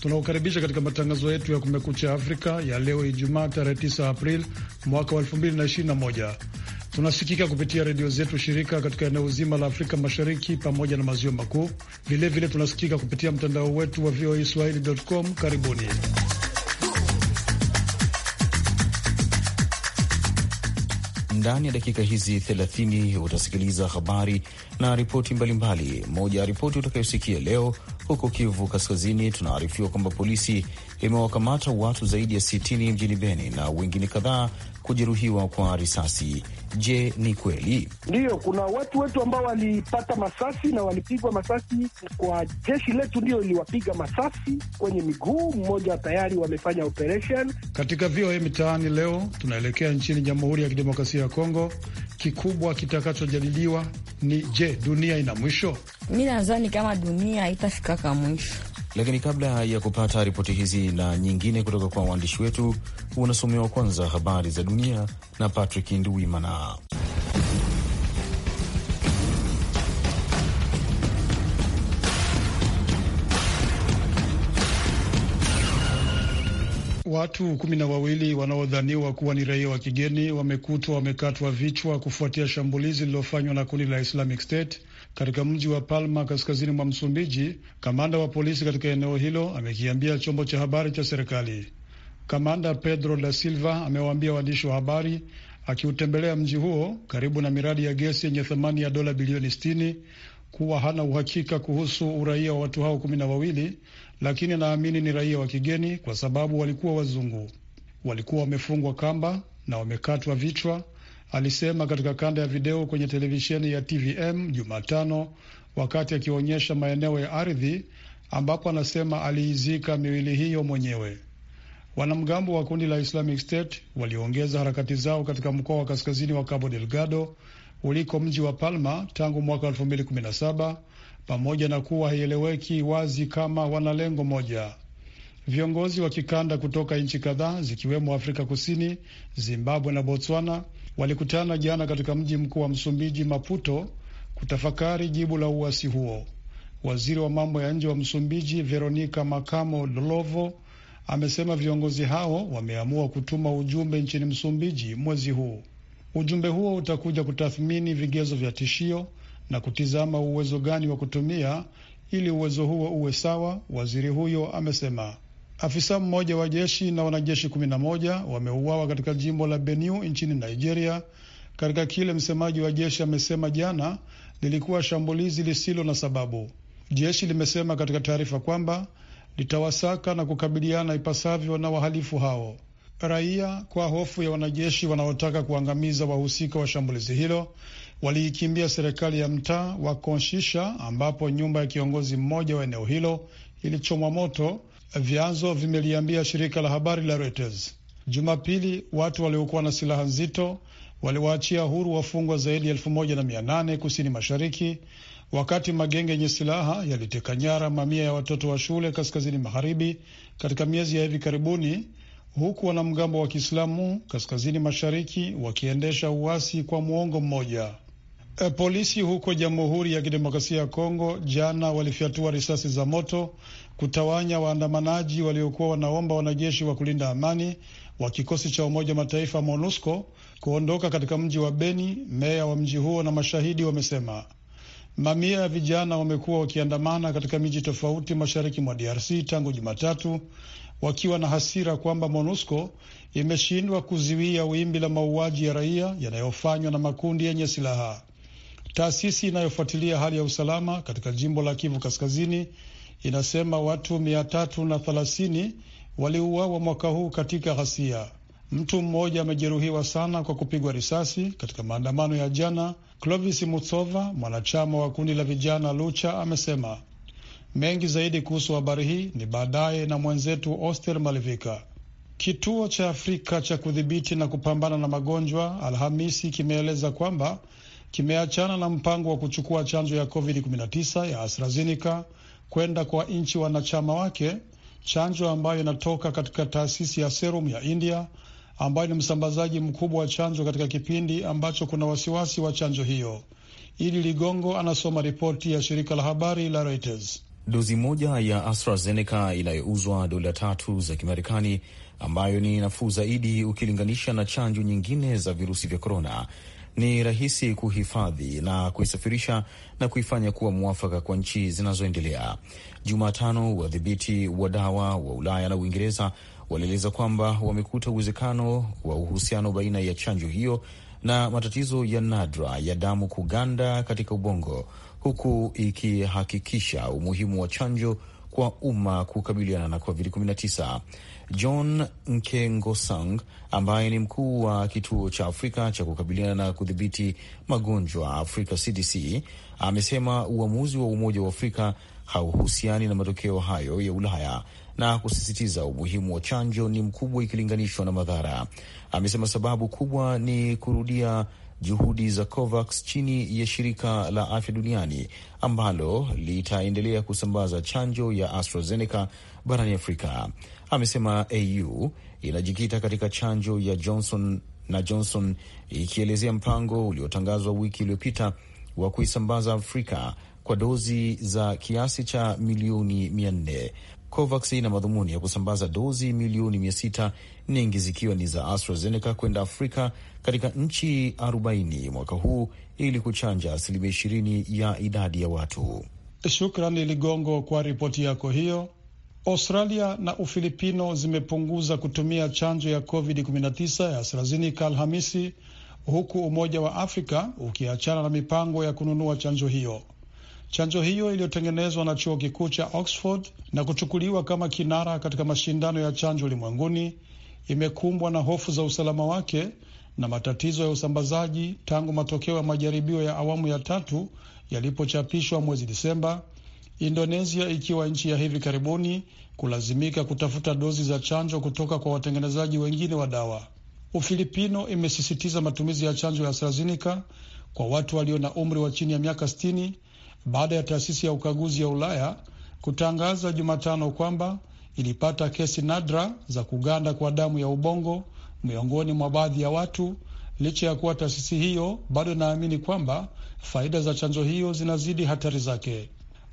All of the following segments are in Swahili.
tunaokaribisha katika matangazo yetu ya Kumekucha Afrika ya leo Ijumaa, tarehe 9 Aprili mwaka wa 2021. Tunasikika kupitia redio zetu shirika katika eneo zima la Afrika Mashariki pamoja na maziwa makuu. Vilevile tunasikika kupitia mtandao wetu wa VOA Swahili.com. Karibuni. Ndani ya dakika hizi 30 utasikiliza habari na ripoti mbalimbali. Moja ya ripoti utakayosikia leo huko Kivu Kaskazini, tunaarifiwa kwamba polisi imewakamata watu zaidi ya 60 mjini Beni na wengine kadhaa kujeruhiwa kwa risasi. Je, ni kweli? Ndiyo, kuna watu wetu ambao walipata masasi na walipigwa masasi kwa jeshi letu, ndio iliwapiga masasi kwenye miguu. Mmoja tayari wamefanya operation. Katika VOA Mitaani leo tunaelekea nchini Jamhuri ya Kidemokrasia ya Kongo. Kikubwa kitakachojadiliwa ni je, dunia ina mwisho? Mi nazani kama dunia itafika mpaka mwisho. Lakini kabla ya kupata ripoti hizi na nyingine kutoka kwa waandishi wetu, unasomewa kwanza habari za dunia na Patrick Nduwimana. Watu kumi na wawili wanaodhaniwa kuwa ni raia wa kigeni wamekutwa wamekatwa vichwa kufuatia shambulizi lililofanywa na kundi la Islamic State katika mji wa Palma kaskazini mwa Msumbiji. Kamanda wa polisi katika eneo hilo amekiambia chombo cha habari cha serikali. Kamanda Pedro da Silva amewaambia waandishi wa habari akiutembelea mji huo karibu na miradi ya gesi yenye thamani ya dola bilioni 60 kuwa hana uhakika kuhusu uraia wa watu hao kumi na wawili, lakini anaamini ni raia wa kigeni kwa sababu walikuwa wazungu. Walikuwa wamefungwa kamba na wamekatwa vichwa alisema katika kanda ya video kwenye televisheni ya TVM Jumatano wakati akionyesha maeneo ya ardhi ambapo anasema aliizika miwili hiyo mwenyewe. Wanamgambo wa kundi la Islamic State waliongeza harakati zao katika mkoa wa kaskazini wa Cabo Delgado uliko mji wa Palma tangu mwaka 2017 pamoja na kuwa haieleweki wazi kama wana lengo moja. Viongozi wa kikanda kutoka nchi kadhaa zikiwemo Afrika Kusini, Zimbabwe na Botswana walikutana jana katika mji mkuu wa Msumbiji, Maputo, kutafakari jibu la uasi huo. Waziri wa mambo ya nje wa Msumbiji, Veronica Macamo Dolovo, amesema viongozi hao wameamua kutuma ujumbe nchini Msumbiji mwezi huu. Ujumbe huo utakuja kutathmini vigezo vya tishio na kutizama uwezo gani wa kutumia ili uwezo huo uwe sawa, waziri huyo amesema. Afisa mmoja wa jeshi na wanajeshi kumi na moja wameuawa katika jimbo la Benue nchini Nigeria, katika kile msemaji wa jeshi amesema jana lilikuwa shambulizi lisilo na sababu. Jeshi limesema katika taarifa kwamba litawasaka na kukabiliana ipasavyo na wahalifu hao. Raia kwa hofu ya wanajeshi wanaotaka kuangamiza wahusika wa shambulizi hilo waliikimbia serikali ya mtaa wa Konshisha ambapo nyumba ya kiongozi mmoja wa eneo hilo ilichomwa moto vyanzo vimeliambia shirika la habari la Reuters. Jumapili, watu waliokuwa na silaha nzito waliwaachia huru wafungwa zaidi ya elfu moja na mia nane kusini mashariki, wakati magenge yenye silaha yaliteka nyara mamia ya watoto wa shule kaskazini magharibi katika miezi ya hivi karibuni, huku wanamgambo wa Kiislamu kaskazini mashariki wakiendesha uasi kwa muongo mmoja. E, polisi huko Jamhuri ya Kidemokrasia ya Kongo jana walifyatua risasi za moto kutawanya waandamanaji waliokuwa wanaomba wanajeshi wa kulinda amani wa kikosi cha Umoja Mataifa MONUSCO kuondoka katika mji wa Beni. Meya wa mji huo na mashahidi wamesema mamia ya vijana wamekuwa wakiandamana katika miji tofauti mashariki mwa DRC tangu Jumatatu, wakiwa na hasira kwamba MONUSCO imeshindwa kuziwia wimbi la mauaji ya raia yanayofanywa na makundi yenye silaha. Taasisi inayofuatilia hali ya usalama katika jimbo la Kivu Kaskazini inasema watu mia tatu na thelathini waliuawa mwaka huu katika ghasia. Mtu mmoja amejeruhiwa sana kwa kupigwa risasi katika maandamano ya jana. Clovis Mutsova, mwanachama wa kundi la vijana Lucha, amesema mengi zaidi kuhusu habari hii ni baadaye na mwenzetu Oster Malivika. Kituo cha Afrika cha kudhibiti na kupambana na magonjwa Alhamisi kimeeleza kwamba kimeachana na mpango wa kuchukua chanjo ya COVID-19 ya AstraZeneca kwenda kwa nchi wanachama wake, chanjo ambayo inatoka katika taasisi ya Serum ya India ambayo ni msambazaji mkubwa wa chanjo katika kipindi ambacho kuna wasiwasi wa chanjo hiyo. Idi Ligongo anasoma ripoti ya shirika la habari la Reuters. Dozi moja ya AstraZeneca inayouzwa dola tatu za Kimarekani ambayo ni nafuu zaidi ukilinganisha na chanjo nyingine za virusi vya korona. Ni rahisi kuhifadhi na kuisafirisha na kuifanya kuwa mwafaka kwa nchi zinazoendelea. Jumatano, wadhibiti wa dawa wa Ulaya na Uingereza walieleza kwamba wamekuta uwezekano wa uhusiano baina ya chanjo hiyo na matatizo ya nadra ya damu kuganda katika ubongo, huku ikihakikisha umuhimu wa chanjo kwa umma kukabiliana na COVID-19. John Nkengosang ambaye ni mkuu wa kituo cha Afrika cha kukabiliana na kudhibiti magonjwa Afrika CDC amesema uamuzi wa Umoja wa Afrika hauhusiani na matokeo hayo ya Ulaya na kusisitiza umuhimu wa chanjo ni mkubwa ikilinganishwa na madhara. Amesema sababu kubwa ni kurudia juhudi za COVAX chini ya shirika la afya duniani ambalo litaendelea kusambaza chanjo ya AstraZeneca barani Afrika. Amesema AU inajikita katika chanjo ya Johnson na Johnson ikielezea mpango uliotangazwa wiki iliyopita wa kuisambaza Afrika kwa dozi za kiasi cha milioni mia nne. COVAX ina madhumuni ya kusambaza dozi milioni mia sita nyingi zikiwa ni za AstraZeneca kwenda Afrika katika nchi 40 mwaka huu ili kuchanja asilimia ishirini ya idadi ya watu. Shukrani Ligongo kwa ripoti yako hiyo. Australia na Ufilipino zimepunguza kutumia chanjo ya COVID-19 ya AstraZeneca Alhamisi, huku Umoja wa Afrika ukiachana na mipango ya kununua chanjo hiyo. Chanjo hiyo iliyotengenezwa na chuo kikuu cha Oxford na kuchukuliwa kama kinara katika mashindano ya chanjo ulimwenguni imekumbwa na hofu za usalama wake na matatizo ya usambazaji tangu matokeo ya majaribio ya awamu ya tatu yalipochapishwa mwezi Disemba, Indonesia ikiwa nchi ya hivi karibuni kulazimika kutafuta dozi za chanjo kutoka kwa watengenezaji wengine wa dawa. Ufilipino imesisitiza matumizi ya chanjo ya AstraZeneca kwa watu walio na umri wa chini ya miaka sitini baada ya taasisi ya ukaguzi ya Ulaya kutangaza Jumatano kwamba ilipata kesi nadra za kuganda kwa damu ya ubongo miongoni mwa baadhi ya watu. Licha ya kuwa taasisi hiyo bado inaamini kwamba faida za chanjo hiyo zinazidi hatari zake.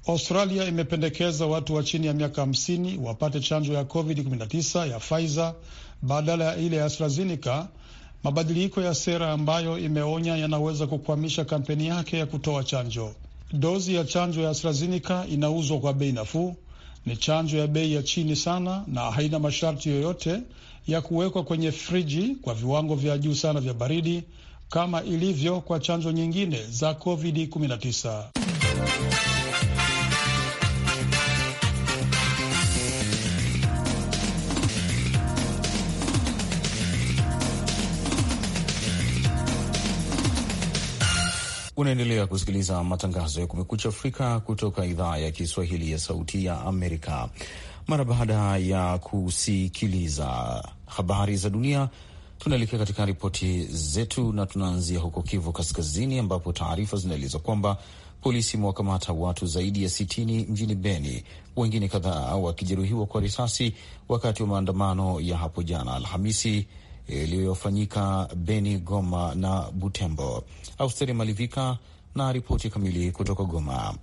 Australia imependekeza watu wa chini ya miaka 50 wapate chanjo ya COVID-19 ya Pfizer badala ya ile ya AstraZeneca, mabadiliko ya sera ambayo imeonya yanaweza kukwamisha kampeni yake ya kutoa chanjo. Dozi ya chanjo ya AstraZeneca inauzwa kwa bei nafuu. Ni chanjo ya bei ya chini sana na haina masharti yoyote ya kuwekwa kwenye friji kwa viwango vya juu sana vya baridi kama ilivyo kwa chanjo nyingine za COVID-19. Unaendelea kusikiliza matangazo ya Kumekucha Afrika kutoka idhaa ya Kiswahili ya Sauti ya Amerika. Mara baada ya kusikiliza habari za dunia, tunaelekea katika ripoti zetu na tunaanzia huko Kivu Kaskazini, ambapo taarifa zinaeleza kwamba polisi imewakamata watu zaidi ya sitini mjini Beni, wengine kadhaa wakijeruhiwa kwa risasi wakati wa maandamano ya hapo jana Alhamisi yaliyofanyika Beni, Goma na Butembo. Austeri Malivika na ripoti kamili kutoka Goma.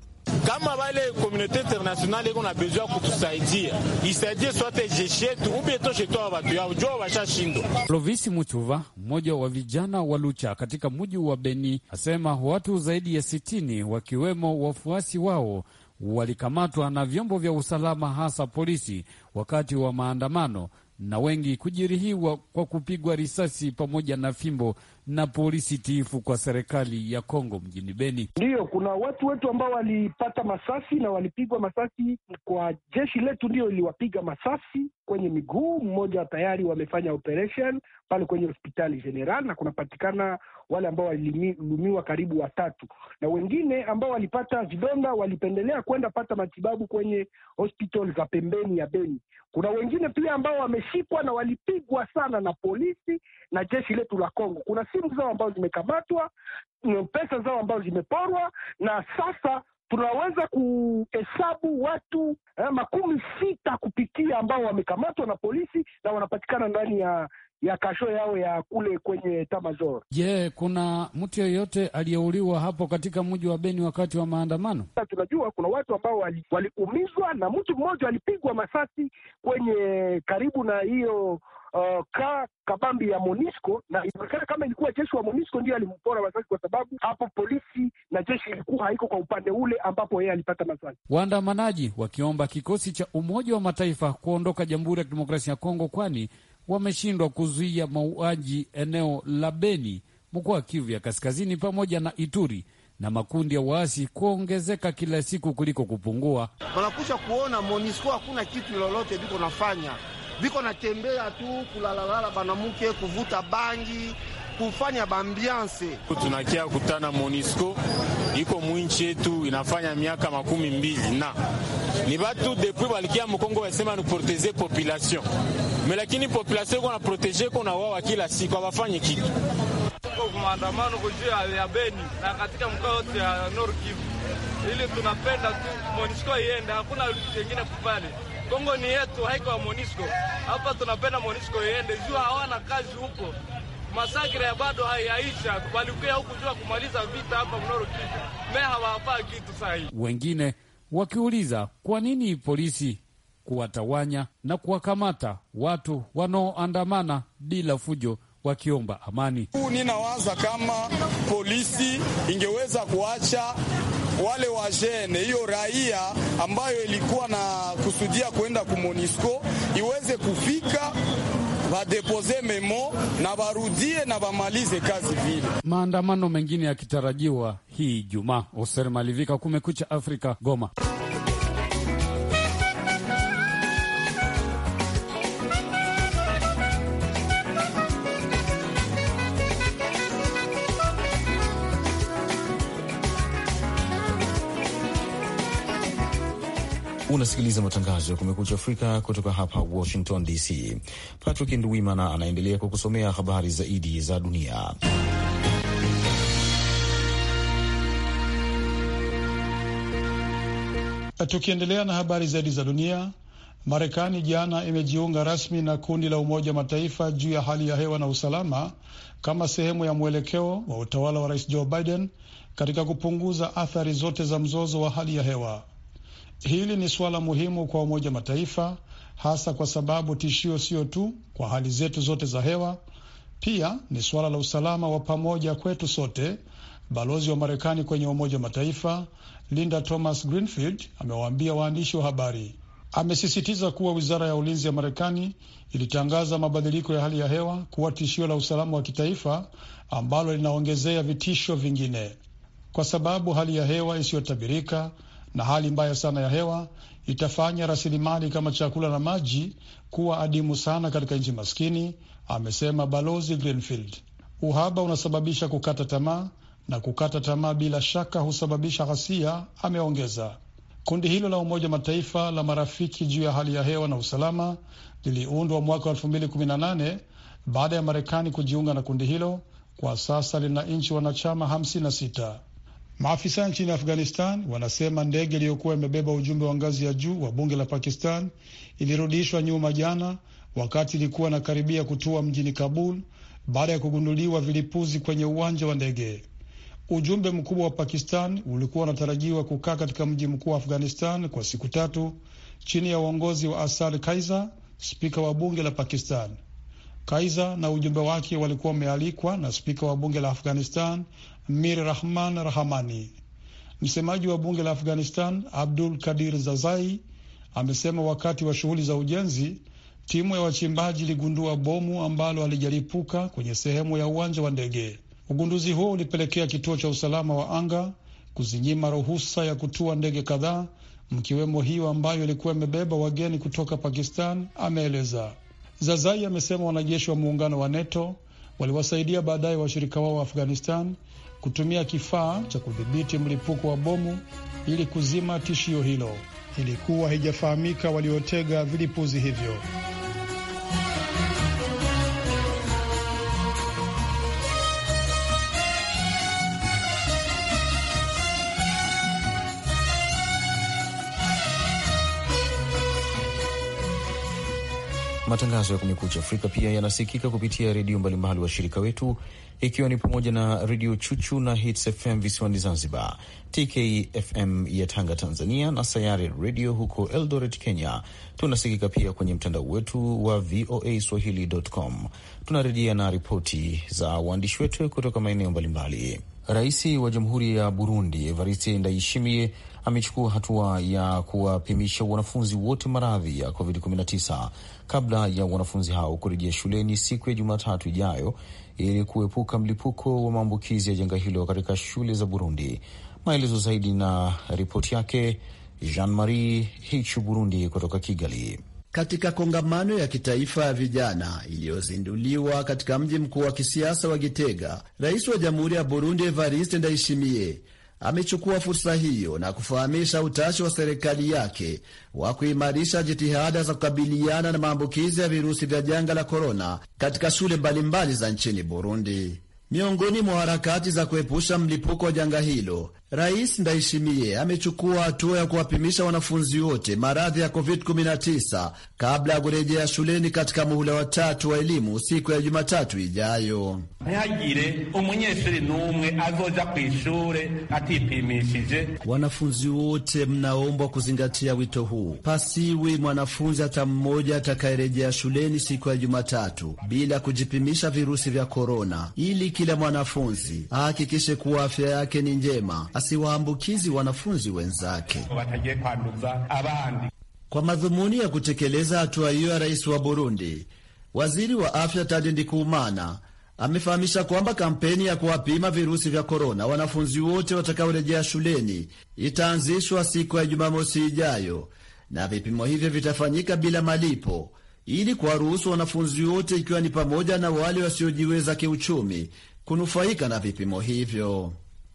Kama vale komunite internationale iko na ya kutusaidia isaidie swate jeshetu yetu ubietoshetoa watu yao jua washashindwa. Lovisi Mutuva, mmoja wa vijana wa Lucha katika muji wa Beni, asema watu zaidi ya sitini wakiwemo wafuasi wao walikamatwa na vyombo vya usalama hasa polisi wakati wa maandamano na wengi kujeruhiwa kwa kupigwa risasi pamoja na fimbo na polisi tiifu kwa serikali ya Kongo mjini Beni. Ndiyo, kuna watu wetu ambao walipata masasi na walipigwa masasi kwa jeshi letu, ndiyo iliwapiga masasi kwenye miguu. Mmoja tayari wamefanya operation pale kwenye hospitali general, na kunapatikana wale ambao walilumiwa karibu watatu, na wengine ambao walipata vidonda walipendelea kwenda pata matibabu kwenye hospitali za pembeni ya Beni. Kuna wengine pia ambao wameshikwa na walipigwa sana na polisi na jeshi letu la Kongo. Kuna simu zao ambazo zimekamatwa, pesa zao ambazo zimeporwa, na sasa tunaweza kuhesabu watu eh, makumi sita kupitia ambao wamekamatwa na polisi na wanapatikana ndani ya ya kasho yao ya kule kwenye Tamazor. Je, yeah, kuna mtu yeyote aliyeuliwa hapo katika mji wa Beni wakati wa maandamano? Tunajua kuna watu ambao waliumizwa, wali na mtu mmoja alipigwa masasi kwenye karibu na hiyo Uh, ka kabambi ya Monisco na inaonekana kama ilikuwa jeshi wa Monisco ndio alimpora masasi, kwa sababu hapo polisi na jeshi ilikuwa haiko kwa upande ule ambapo yeye alipata masasi. Waandamanaji wakiomba kikosi cha Umoja wa Mataifa kuondoka Jamhuri ya Kidemokrasia ya Kongo, kwani wameshindwa kuzuia mauaji eneo la Beni, mkoa wa Kivu ya Kaskazini pamoja na Ituri na makundi ya waasi kuongezeka kila siku kuliko kupungua. wanakusha kuona Monisco hakuna kitu lolote liko nafanya viko natembea tu kulalalala, banamuke kuvuta bangi kufanya bambiance. Tunakia kutana Monisco iko mwinchi yetu inafanya miaka makumi mbili na ni batu depuis balikia Mkongo basema ni proteger population me, lakini population iko na proteger iko na wawa kila siku abafanye kitu maandamano kujua ya Beni na katika mkoa ya Nord Kivu, ili tunapenda tu Monisco iende, hakuna lingine kupale Kongo ni yetu, haiko ya Monisco. Hapa tunapenda Monisco iende juu, hawana kazi huko, masakira ya bado haiaisha, walikuya huku juu kumaliza vita hapa mnoro kitu me hawapaa kitu sahi. Wengine wakiuliza kwa nini polisi kuwatawanya na kuwakamata watu wanaoandamana bila fujo wakiomba amani. Ninawaza kama polisi ingeweza kuacha wale wajene, hiyo raia ambayo ilikuwa na kusudia kuenda kuMONISCO iweze kufika wadepoze memo na barudie na bamalize kazi vile. Maandamano mengine yakitarajiwa hii Ijumaa. Oser Malivika, Kumekucha Afrika, Goma. Unasikiliza matangazo ya Kumekucha Afrika kutoka hapa Washington DC. Patrick Nduwimana anaendelea kukusomea habari zaidi za dunia. Tukiendelea na habari zaidi za dunia, Marekani jana imejiunga rasmi na kundi la Umoja wa Mataifa juu ya hali ya hewa na usalama kama sehemu ya mwelekeo wa utawala wa Rais Joe Biden katika kupunguza athari zote za mzozo wa hali ya hewa. Hili ni suala muhimu kwa Umoja Mataifa, hasa kwa sababu tishio sio tu kwa hali zetu zote za hewa, pia ni suala la usalama wa pamoja kwetu sote. Balozi wa Marekani kwenye Umoja Mataifa Linda Thomas Greenfield amewaambia waandishi wa habari. Amesisitiza kuwa wizara ya ulinzi ya Marekani ilitangaza mabadiliko ya hali ya hewa kuwa tishio la usalama wa kitaifa ambalo linaongezea vitisho vingine, kwa sababu hali ya hewa isiyotabirika na hali mbaya sana ya hewa itafanya rasilimali kama chakula na maji kuwa adimu sana katika nchi maskini, amesema Balozi Greenfield. Uhaba unasababisha kukata tamaa na kukata tamaa bila shaka husababisha ghasia, ameongeza. Kundi hilo la Umoja Mataifa la marafiki juu ya hali ya hewa na usalama liliundwa mwaka wa 2018 baada ya Marekani kujiunga na kundi hilo. Kwa sasa lina nchi wanachama 56. Maafisa nchini Afghanistan wanasema ndege iliyokuwa imebeba ujumbe wa ngazi ya juu wa bunge la Pakistan ilirudishwa nyuma jana, wakati ilikuwa inakaribia kutua mjini Kabul baada ya kugunduliwa vilipuzi kwenye uwanja wa ndege. Ujumbe mkubwa wa Pakistan ulikuwa unatarajiwa kukaa katika mji mkuu wa Afghanistan kwa siku tatu chini ya uongozi wa Asad Kaiza, spika wa bunge la Pakistan. Kaiza na ujumbe wake walikuwa wamealikwa na spika wa bunge la Afghanistan Mir Rahman Rahamani. Msemaji wa bunge la Afghanistan Abdul Kadir Zazai amesema wakati wa shughuli za ujenzi timu ya wachimbaji iligundua bomu ambalo alijalipuka kwenye sehemu ya uwanja wa ndege. Ugunduzi huo ulipelekea kituo cha usalama wa anga kuzinyima ruhusa ya kutua ndege kadhaa, mkiwemo hiyo ambayo ilikuwa imebeba wageni kutoka Pakistan, ameeleza. Zazai amesema wanajeshi wa muungano wa NATO waliwasaidia baadaye washirika wao wa Afghanistan kutumia kifaa cha kudhibiti mlipuko wa bomu ili kuzima tishio hilo. Ilikuwa haijafahamika waliotega vilipuzi hivyo. Matangazo ya Kumekucha Afrika pia yanasikika kupitia redio mbalimbali washirika wetu, ikiwa ni pamoja na Redio Chuchu na Hits FM visiwani Zanzibar, TKFM ya Tanga, Tanzania, na Sayari Redio huko Eldoret, Kenya. Tunasikika pia kwenye mtandao wetu wa VOA Swahili.com. Tunarejea na ripoti za waandishi wetu kutoka maeneo mbalimbali. Rais wa Jamhuri ya Burundi Evariste Ndayishimiye amechukua hatua ya kuwapimisha wanafunzi wote maradhi ya COVID-19 kabla ya wanafunzi hao kurejea shuleni siku ya Jumatatu ijayo ili kuepuka mlipuko wa maambukizi ya janga hilo katika shule za Burundi. Maelezo zaidi na ripoti yake Jean Marie Hichu Burundi kutoka Kigali. Katika kongamano ya kitaifa ya vijana iliyozinduliwa katika mji mkuu wa kisiasa wa Gitega, rais wa jamhuri ya Burundi Evariste Ndayishimiye amechukua fursa hiyo na kufahamisha utashi wa serikali yake wa kuimarisha jitihada za kukabiliana na maambukizi ya virusi vya janga la korona katika shule mbalimbali za nchini Burundi. Miongoni mwa harakati za kuepusha mlipuko wa janga hilo, Rais Ndayishimiye amechukua hatua ya kuwapimisha wanafunzi wote maradhi ya COVID-19 kabla ya kurejea shuleni katika muhula wa tatu wa elimu siku ya Jumatatu ijayo. ntihagire umunyeshuri n'umwe azoja ku atipimishije. Wanafunzi wote mnaombwa kuzingatia wito huu, pasiwi mwanafunzi hata mmoja atakayerejea shuleni siku ya Jumatatu bila kujipimisha virusi vya korona ili kila mwanafunzi ahakikishe kuwa afya yake ni njema, asiwaambukizi wanafunzi wenzake. Kwa madhumuni ya kutekeleza hatua hiyo ya rais wa Burundi, waziri wa afya Tadi ndikuumana amefahamisha kwamba kampeni ya kuwapima virusi vya korona wanafunzi wote watakaorejea shuleni itaanzishwa siku ya Jumamosi ijayo na vipimo hivyo vitafanyika bila malipo ili kuwaruhusu wanafunzi wote ikiwa ni pamoja na wale wasiojiweza kiuchumi kunufaika na vipimo hivyo.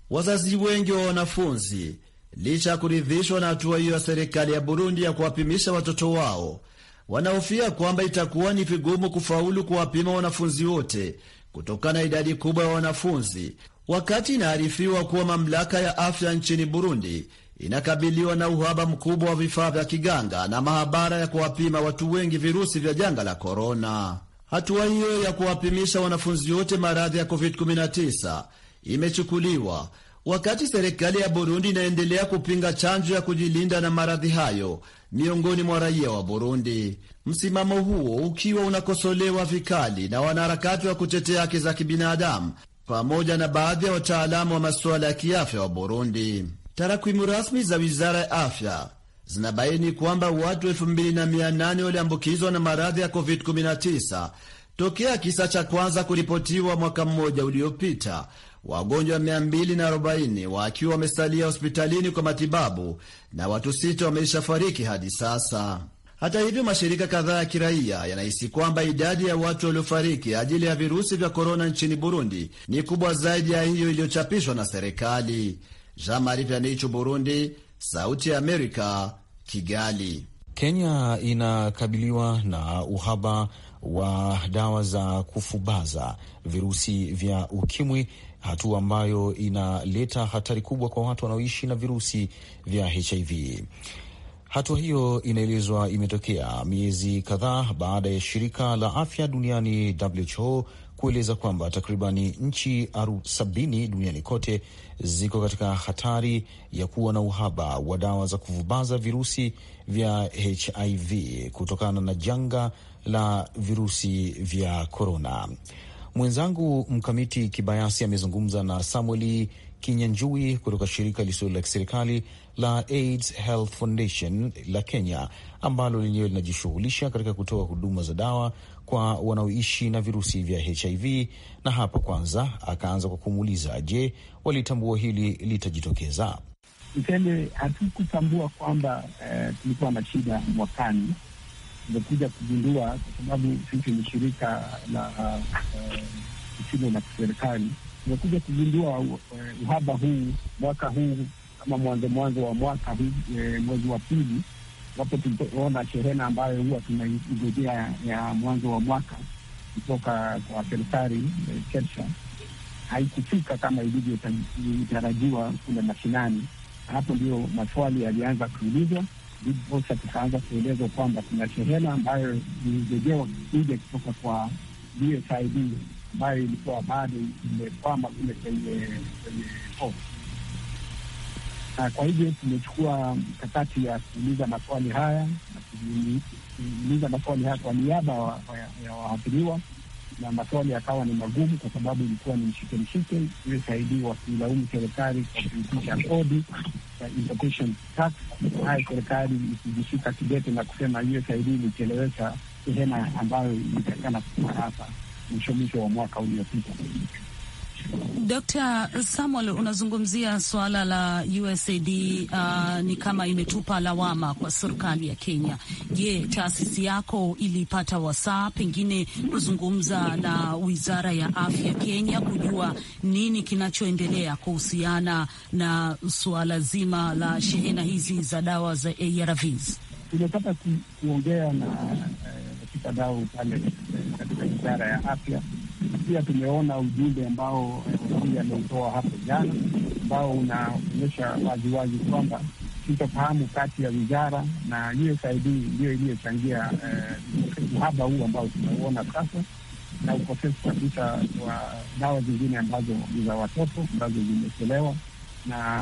Wazazi wengi wa wanafunzi, licha ya kuridhishwa na hatua hiyo ya serikali ya Burundi ya kuwapimisha watoto wao, wanahofia kwamba itakuwa ni vigumu kufaulu kuwapima wanafunzi wote kutokana na idadi kubwa ya wanafunzi, wakati inaarifiwa kuwa mamlaka ya afya nchini Burundi inakabiliwa na uhaba mkubwa wa vifaa vya kiganga na mahabara ya kuwapima watu wengi virusi vya janga la korona. Hatua hiyo ya kuwapimisha wanafunzi wote maradhi ya COVID-19 imechukuliwa wakati serikali ya Burundi inaendelea kupinga chanjo ya kujilinda na maradhi hayo miongoni mwa raia wa Burundi, msimamo huo ukiwa unakosolewa vikali na wanaharakati wa kutetea haki za kibinadamu pamoja na baadhi ya wataalamu wa masuala ya kiafya wa Burundi. Tarakwimu rasmi za wizara ya afya zinabaini kwamba watu 2800 waliambukizwa na maradhi ya COVID-19 tokea kisa cha kwanza kuripotiwa mwaka mmoja uliopita, wagonjwa 240 wakiwa wamesalia hospitalini kwa matibabu na watu sita wameishafariki hadi sasa. Hata hivyo, mashirika kadhaa ya kiraia yanahisi kwamba idadi ya watu waliofariki ajili ya virusi vya korona nchini Burundi ni kubwa zaidi ya hiyo iliyochapishwa na serikali. Jean Marie Vianney, Burundi, Sauti ya Amerika, Kigali. Kenya inakabiliwa na uhaba wa dawa za kufubaza virusi vya ukimwi, hatua ambayo inaleta hatari kubwa kwa watu wanaoishi na virusi vya HIV. Hatua hiyo inaelezwa imetokea miezi kadhaa baada ya shirika la afya duniani WHO kueleza kwamba takribani nchi sabini duniani kote ziko katika hatari ya kuwa na uhaba wa dawa za kuvubaza virusi vya HIV kutokana na janga la virusi vya korona. Mwenzangu Mkamiti Kibayasi amezungumza na Samueli Kinyanjui kutoka shirika lisilo la kiserikali la AIDS Health Foundation la Kenya, ambalo lenyewe linajishughulisha katika kutoa huduma za dawa kwa wanaoishi na virusi vya HIV, na hapa kwanza akaanza kwa kumuuliza, je, walitambua hili litajitokeza? Niseme hatukutambua kwamba eh, tulikuwa na shida mwakani. Tumekuja kugundua kwa sababu sisi ni shirika la lisilo eh, la kiserikali. Tumekuja kugundua uh, uhaba huu mwaka huu kama mwanzo mwanzo wa mwaka huu eh, mwezi wa pili wapo tulipoona shehena ambayo huwa tunaingojea ya mwanzo wa mwaka kutoka kwa serikali Kesha eh, haikufika kama ilivyotarajiwa kule mashinani. Hapo ndio maswali yalianza kuulizwa, ndiposa tukaanza kuelezwa kwamba kuna shehena ambayo iligojewa kuja kutoka kwa USAID ambayo ilikuwa bado imekwama kule kwenye kwenye Ah, kwa hivyo tumechukua mkakati ya kuuliza maswali haya na kuuliza maswali haya kwa niaba ya waathiriwa, na maswali yakawa ni magumu kwa sababu ilikuwa ni mshike mshike, iwe saidi wakiilaumu serikali kwa kuitisha kodi importation tax, serikali ikijishika kidete na kusema saidi ilichelewesha sehema ambayo ilitakana hapa mwisho mwisho wa mwaka uliopita. Dr. Samuel, unazungumzia suala la USAID uh, ni kama imetupa lawama kwa serikali ya Kenya. Je, taasisi yako ilipata wasaa pengine kuzungumza na Wizara ya Afya Kenya kujua nini kinachoendelea kuhusiana na suala zima la shehena hizi za dawa za ARVs? Tumepata kuongea na eh, pale eh, katika Wizara ya Afya pia tumeona ujumbe ambao Waziri eh, ameutoa hapo jana ambao unaonyesha waziwazi kwamba sitofahamu kati ya wizara na USAID ndio iliyochangia eh, uhaba huu ambao tunauona sasa na ukosefu kabisa wa dawa zingine ambazo ni za watoto ambazo zimechelewa na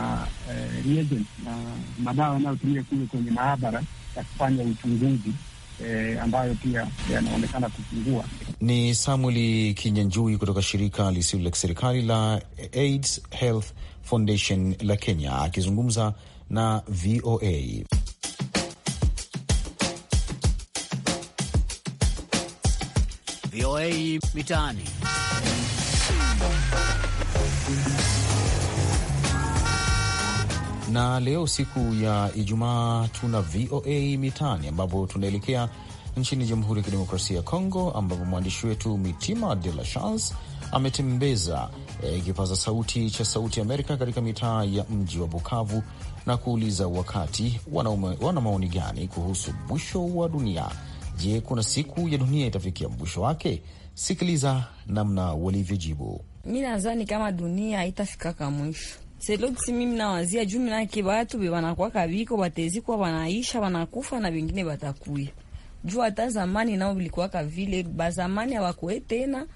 eh, reagent na madawa yanayotumia kule kwenye maabara ya kufanya uchunguzi eh, ambayo pia yanaonekana kupungua. Ni Samuel Kinyanjui kutoka shirika lisilo la kiserikali la AIDS Health Foundation la Kenya akizungumza na VOA. VOA Mitaani. na leo siku ya Ijumaa tuna VOA Mitaani, ambapo tunaelekea nchini Jamhuri ya Kidemokrasia ya Kongo, ambapo mwandishi wetu Mitima De La Chance ametembeza eh, kipaza sauti cha Sauti Amerika katika mitaa ya mji wa Bukavu na kuuliza wakati wana maoni gani kuhusu mwisho wa dunia. Je, kuna siku ya dunia itafikia mwisho wake? Sikiliza namna walivyojibu. Mi nazani kama dunia haitafikaka mwisho Selotsi mimi nawazia juu minake watu be banakuwa kabiko kwa wanaisha wanakufa na bengine batakuya juu. Hata zamani nao bilikuwaka vile bazamani abakuwe tena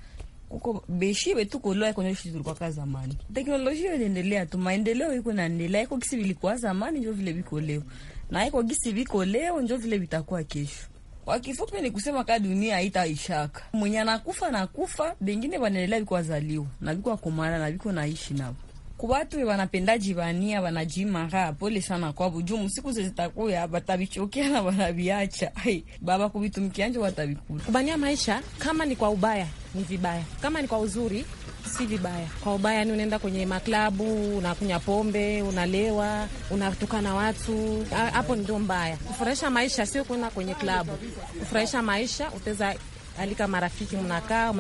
kuko beshi wetu betukoloa konyoshi tulikuwa ka zamani. Teknolojia inaendelea tu, maendeleo iko naendelea, iko kisi vilikuwa zamani njo vile viko leo na iko kisi viko leo njo vile vitakuwa kesho. Kwa kifupi ni kusema ka dunia haitaishaka, mwenye anakufa nakufa, bengine banaendelea viko wazaliwa na viko akomana na viko naishi nabo kuwatu wanapendaji vania wanajima haa, pole sana kwa juu siku zitakuya watavichokia na wanaviacha. Ai baba kuvitumikianja watavikuta kubania maisha. Kama ni kwa ubaya ni vibaya, kama ni kwa uzuri si vibaya. Kwa ubaya ni unaenda kwenye maklabu, unakunya pombe, unalewa, unatukana watu, hapo ndio mbaya. Kufurahisha maisha sio kuenda kwenye klabu, kufurahisha maisha utaweza alika marafiki, mnakaa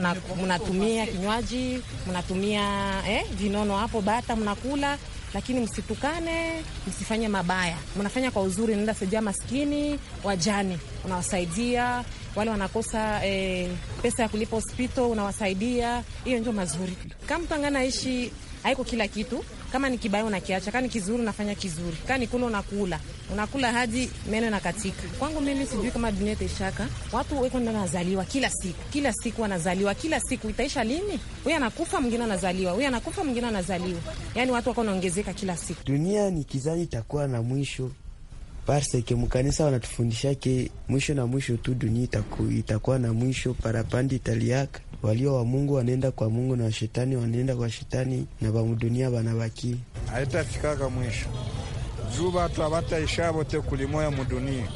mnatumia kinywaji, mnatumia eh, vinono hapo bata, mnakula lakini msitukane, msifanye mabaya, mnafanya kwa uzuri. Nenda saidia maskini, wajani unawasaidia, wale wanakosa eh, pesa ya kulipa hospito, unawasaidia. Hiyo ndio mazuri. Kama mtu anganaishi haiko kila kitu. Kama ni kibaya unakiacha, kama ni kizuri unafanya kizuri, kama ni kula unakula, unakula hadi meno nakatika. Kwangu mimi sijui kama dunia itaishaka. Watu weko ndio wanazaliwa kila siku, kila siku wanazaliwa, kila siku itaisha lini? Huyu anakufa mwingine anazaliwa, huyu anakufa mwingine anazaliwa, yani watu wako wanaongezeka kila siku. Dunia ni kizazi itakuwa na mwisho parseke mukanisa wanatufundishake mwisho na mwisho tu dunia itaku, itakuwa na mwisho parapandi italiaka walio wa Mungu wanaenda kwa Mungu na washetani wanaenda kwa shetani na bamudunia banabaki haitafikaka mwisho juu batu abataisha bote kulimoya mudunia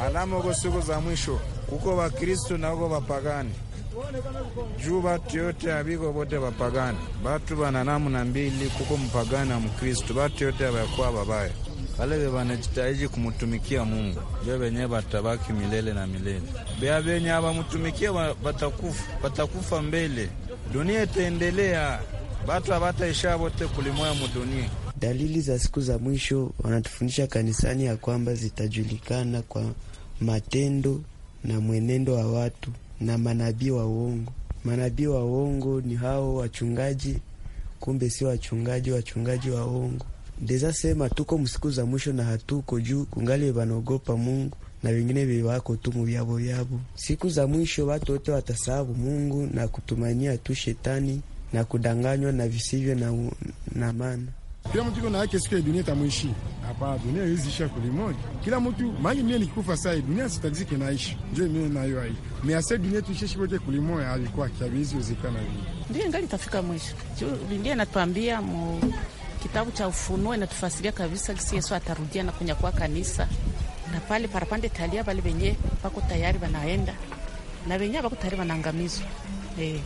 alamo go siku za mwisho kuko bakristu nago bapagani juu batu yote abiko bote bapagani batu wananamu na mbili kuko mpagani na mkristu batu yote abakuwa babaya wale vanajitahiji kumutumikia Mungu njo venye vatabaki milele na milele. Bea venye avamutumikia vatakufa, vatakufa mbele, dunia itaendelea, vatu avataisha vote kulimoya mudunia. Dalili za siku za mwisho wanatufundisha kanisani ya kwamba zitajulikana kwa matendo na mwenendo wa watu na manabii wa uongo. Manabii wa uongo ni hao wachungaji, kumbe sio wachungaji, wachungaji wa uongo ndeza sema tuko msiku za mwisho na hatuko juu, kungali banaogopa Mungu na vingine vivako tu muvyavo vyavo. Siku za mwisho watu wote watasahabu Mungu na kutumania tu shetani na kudanganywa na visivyo na, na maana. Kila mtu kuna yake siku ya dunia tamuishi. Hapa dunia hizi isha kulimoja. Kila mtu mali mimi nikikufa sasa dunia sitaziki naishi. Ndio mimi na hiyo hii. Mimi dunia tuishishi wote kulimoja alikuwa kiabizi uzikana hivi. Ndio ngali tafika mwisho. Ndio Biblia natuambia mu kitabu cha Ufunuo inatufasiria kabisa kisi Yesu atarudia na kunyakua kanisa, na pale parapande talia pale benye bako tayari wanaenda na benye bako tayari banaangamizwa. Eh,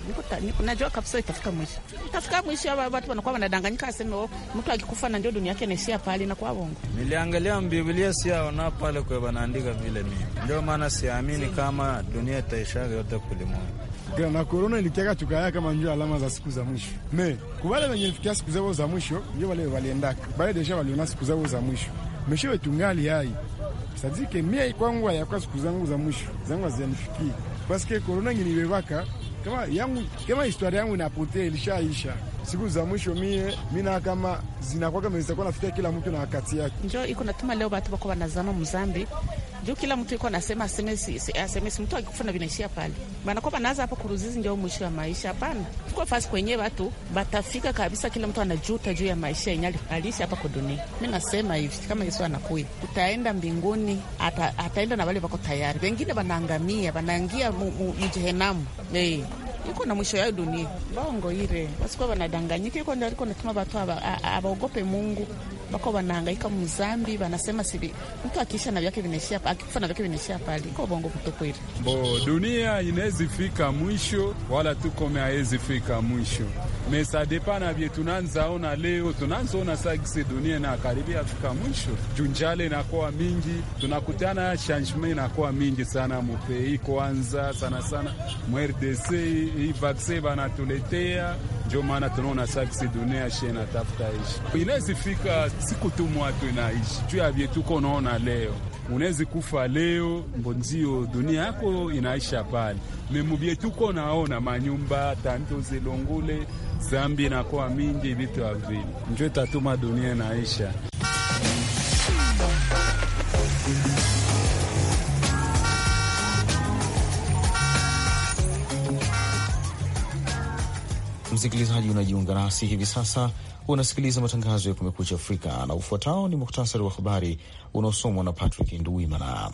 niko najua kabisa itafika mwisho. Itafika mwisho hapa watu wanakuwa wanadanganyika aseme oh, mtu akikufa na ndio dunia yake inaishia pale na kwa bongo. Niliangalia Biblia siaona pale kwa wanaandika vile mimi. Ndio maana siamini kama dunia itaishaga yote kulimwengu na korona ilikiaka tukaya kama njua alama za siku za mwisho me kubale wenye ilifikia siku zao za mwisho ndio wale waliendaka bale deja waliona siku zao za mwisho mesho wetungali hai sadike mie kwangu yakwa siku zangu za mwisho zangu hazinifikii paske korona nginiwevaka kama yangu kama historia yangu inapotea ilishaisha siku za mwisho mie mina kama zinakuwa kama zitakuwa nafikia kila mtu na wakati yake njoo iko natuma leo batu bako banazama mzambi juu kila mtu yuko anasema asemesi, mtu akikufa vinaishia pale, maana kwamba naza hapa kuruzizi, ndio mwisho wa maisha. Hapana, tuko fasi kwenye watu batafika kabisa, kila mtu anajuta juu ya maisha yenye aliishi hapa kwa dunia. Mi nasema hivi, kama Yesu anakuja, utaenda mbinguni, ata, ataenda na wale wako tayari. Wengine wanaangamia, wanaingia mjehenamu hey. Iko na mwisho yao dunia, bongo ile wasikuwa wanadanganyika, iko ndio aliko natuma watu awaogope Mungu bako wanaangaika mzambi, wanasema sivi, mtu akiisha na vyake vinaishia, akikufa na vyake vinaishia pale. Iko bongo kutokweli, bo dunia inaezifika mwisho, wala tukome hawezi mwisho mesadepana tunanza ona leo, tunanza ona sa sagisi dunia na inakaribia fika mwisho, junjale inakuwa mingi, tunakutana shanjme inakuwa mingi sana mupei. Kwanza sana sana mRDC hii vaksin vanatuletea, ndio maana tunaona sa sagisi dunia she inatafuta ishi, inazifika siku tu mwatu inaishi juu ya vye tuko naona leo unawezi kufa leo mbonzio dunia yako inaisha pale memuvyetuko naona manyumba tanto zilongule zambi inakuwa mingi, vitu ya njo itatuma dunia inaisha. Msikilizaji unajiunga nasi hivi sasa, unasikiliza matangazo ya Kumekucha Afrika na ufuatao ni muhtasari wa habari unaosomwa na Patrick Nduwimana.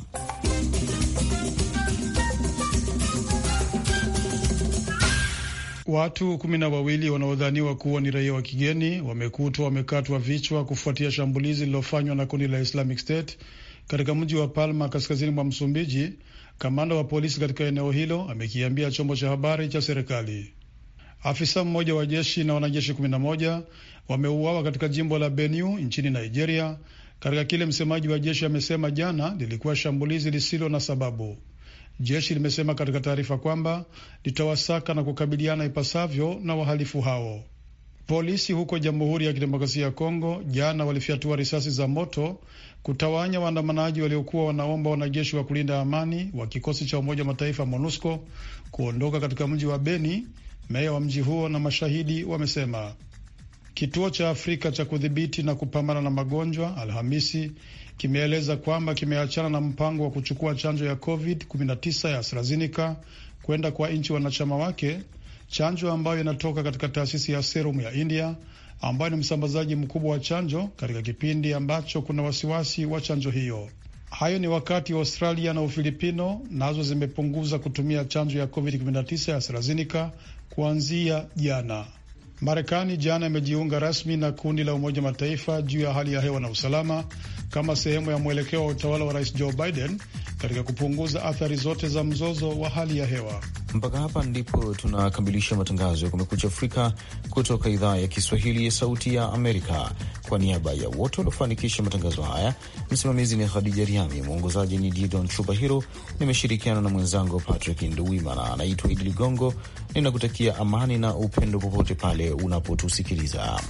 Watu kumi na wawili wanaodhaniwa kuwa ni raia wa kigeni wamekutwa wamekatwa vichwa kufuatia shambulizi lililofanywa na kundi la Islamic State katika mji wa Palma kaskazini mwa Msumbiji. Kamanda wa polisi katika eneo hilo amekiambia chombo cha habari cha serikali. Afisa mmoja wa jeshi na wanajeshi kumi na moja wameuawa katika jimbo la Benue nchini Nigeria, katika kile msemaji wa jeshi amesema jana lilikuwa shambulizi lisilo na sababu. Jeshi limesema katika taarifa kwamba litawasaka na kukabiliana ipasavyo na wahalifu hao. Polisi huko Jamhuri ya Kidemokrasia ya Kongo jana walifyatua risasi za moto kutawanya waandamanaji waliokuwa wanaomba wanajeshi wa kulinda amani wa kikosi cha Umoja wa Mataifa MONUSCO kuondoka katika mji wa Beni. Meya wa mji huo na mashahidi wamesema. Kituo cha Afrika cha kudhibiti na kupambana na magonjwa Alhamisi kimeeleza kwamba kimeachana na mpango wa kuchukua chanjo ya COVID-19 ya AstraZeneca kwenda kwa nchi wanachama wake, chanjo ambayo inatoka katika taasisi ya Serum ya India ambayo ni msambazaji mkubwa wa chanjo katika kipindi ambacho kuna wasiwasi wa chanjo hiyo. Hayo ni wakati Australia na Ufilipino nazo zimepunguza kutumia chanjo ya COVID-19 ya AstraZeneca kuanzia jana. Marekani jana imejiunga rasmi na kundi la Umoja Mataifa juu ya hali ya hewa na usalama kama sehemu ya mwelekeo wa utawala wa Rais Joe Biden katika kupunguza athari zote za mzozo wa hali ya hewa. Mpaka hapa ndipo tunakamilisha matangazo ya Kumekucha Afrika kutoka idhaa ya Kiswahili ya Sauti ya Amerika. Kwa niaba ya wote waliofanikisha matangazo haya, msimamizi ni Khadija Riami, mwongozaji ni Didon hiro Nimeshirikiana na mwenzangu Patrick Nduwimana. Anaitwa Idi Ligongo. Ninakutakia amani na upendo popote pale unapotusikiliza.